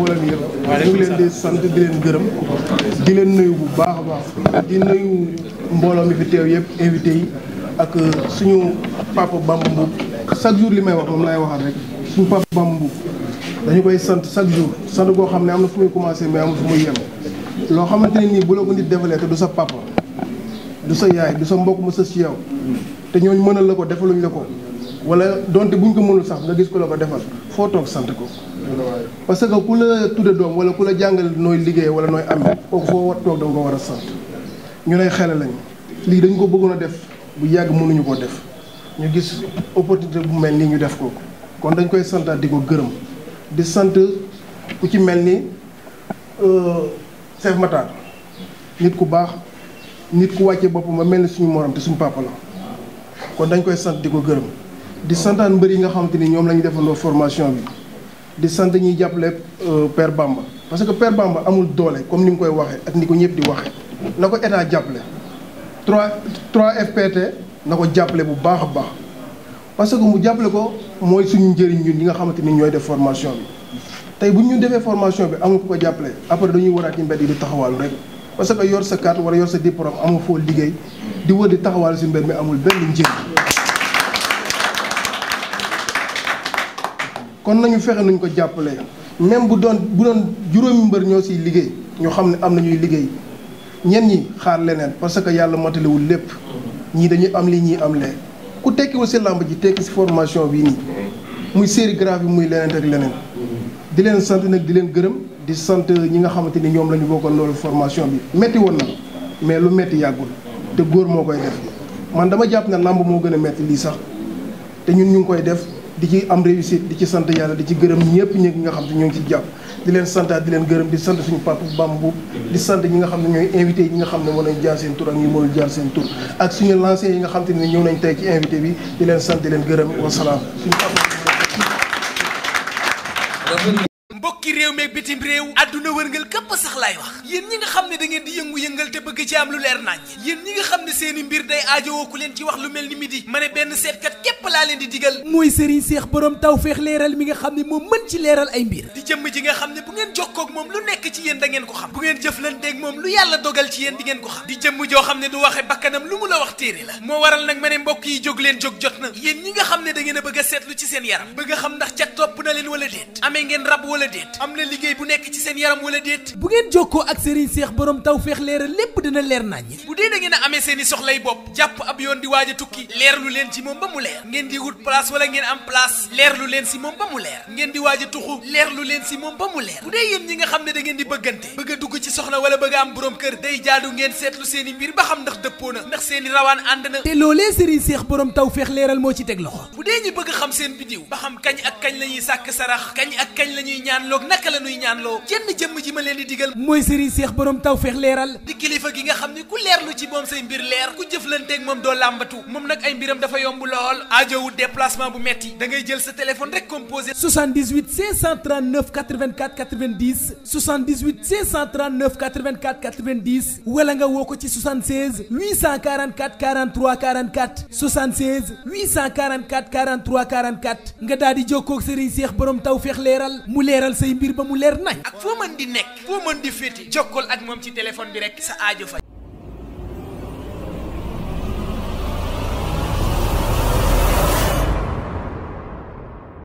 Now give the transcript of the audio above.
mboolem yëpp ñu ngi leen di sant di leen gërëm di leen nuyu bu baax a baax di nuyu mbooloo mi fi teew yëpp invité yi ak euh, suñu papa Bamba Mboup chaque jour li may wax moom laay waxaat rek suñu papa Bamba Mboup dañu koy sant chaque jour sant koo xam ne am na fu muy commencé muy amul fu muy yem loo xamante ne nii bu la ko nit defalee te du sa papa du sa yaay du sa mbokk mu sa ci yow te ñooñu mënal la ko defaluñ la ko wala donte buñ ko mënul sax nga gis ko la ko defal foo toog ko parce que ku la tudde doom wala ku la jàngal nooy liggéey wala nooy am kooku foo war toog da ko war a sant ñu lay xelal lañ lii dañ ko bëggoon a def bu yàgg mënuñu koo def ñu gis opportunité bu mel nii ñu def ko kon dañ koy santaat di ko gërëm di sant ku ci mel ni euh, Cheikh nit ku baax nit ku wàcce boppam ba mel ni suñu morom suñu papa kon dañ koy sant di ko gërëm di santaan mbër yi nga xamante ni ñoom la ñu defandoo formation bi di sant ñuy jàppale euh, per Bamba parce que per Bamba amul doole comme ni nga koy waxee ak ni ko ñëpp di waxee na ko état jàppale 3 3 FPT na ko jàppale bu baax a baax parce que mu jàppale ko mooy suñu njëriñ ñun ñi nga xamante ni ñooy def formation bi tey bu ñu defee formation bi amul ku ko jàppale après dañuy waraat ci mbedd yi di taxawal rek parce que yor sa carte wala yor sa diplôme amul foo liggéey di wër di taxawal si mbedd mi amul benn njëriñ. kon nañu fexe nuñ ko jàppale même bu doon bu doon juróomi mbër ñoo siy liggéey ñoo xam ne am na ñuy liggéey ñenn ñi xaar leneen parce que yàlla matalewul lépp ñii dañuy am lii ñuy am lee ku tekkiwul si làmb ji tekki si formation bii nii muy bi muy leneen ak leneen di leen sant nag di leen gërëm di sant ñi nga xamante ni ñoom la ñu bokkoon loolu formation bi métti woon na mais lu métti yàggul te góor moo koy def man dama jàpp ne làmb moo gën a métti lii sax te ñun ñu ngi koy def di ci am réussite di ci sant yàlla di ci gërëm ñëpp ñi nga xam ne ñoo ngi ci jàpp di leen santaat di leen gërëm di sant suñu papa Bambou di sant ñi nga xam ne ñooy invité yi nga xam ne mën nañ jaar seen tur ak ñu mënul jaar seen tur ak suñu lancé yi nga xam te ne ñëw nañ tey ci invité bi di leen sant di leen gërëm wasalaam suñu papa réew meeg bitim réew adduna wërngal këpp sax laay wax yéen ñi nga xam ne da ngeen di yëngu-yëngal te bëgg ci am lu leer nañ yéen ñi nga xam ne seeni mbir day aajowoo ku leen ci wax lu mel ni midi ma ne benn seetkat képp laa leen di digal mooy sëriñ seex borom tawfeex leeral mi nga xam ne moom mën ci leeral ay mbir di jëmm ji nga xam ne bu ngeen jokkoo ak moom lu nekk ci yéen da ngeen ko xam bu ngeen jëflanteeg moom lu yàlla dogal ci yéen di ngeen ko xam di jëmm joo xam ne du waxe bakkanam lu mu moo waral nag ma ne mbokk yi jóg leen jóg jot na yéen ñi nga xam ne da ngeen a bëgg a seetlu ci seen yaram di bëggante bëgg a dugg ci soxna wala bëgg a am borom kër day jaadu ngeen seetlu seen mbir ba xam ndax dëppoo ndax seen i rawaan ànd na te loolee sëriñ seex borom taw leeral moo ci teg loxo bu dee ñi bëgg xam seen bidiw ba xam kañ ak kañ la ñuy sàkk sarax kañ ak kañ la ñuy ñaanloog naka la ñuy ñaanloo jenn jëmm ji ma leen di digal mooy sëriñ seex borom taw feex leeral di kilifa gi nga xam ni ku leer lu ci moom say mbir leer ku jëflanteeg moom doo làmbatu moom nag ay mbiram dafa yomb lool aajowul déplacement bu metti da ngay jël sa téléphone rek composé 78 539 84 90 78 539 84 90 wala nga ko ci 76 844 43 44 76 844 43 44 nga daal di jokkoo ak Serigne Cheikh borom taw feex leeral mu leeral say mbir ba mu leer nañ. ak foo mën di nekk foo mën di féete jokkool ak moom ci téléphone bi rek sa aajo fa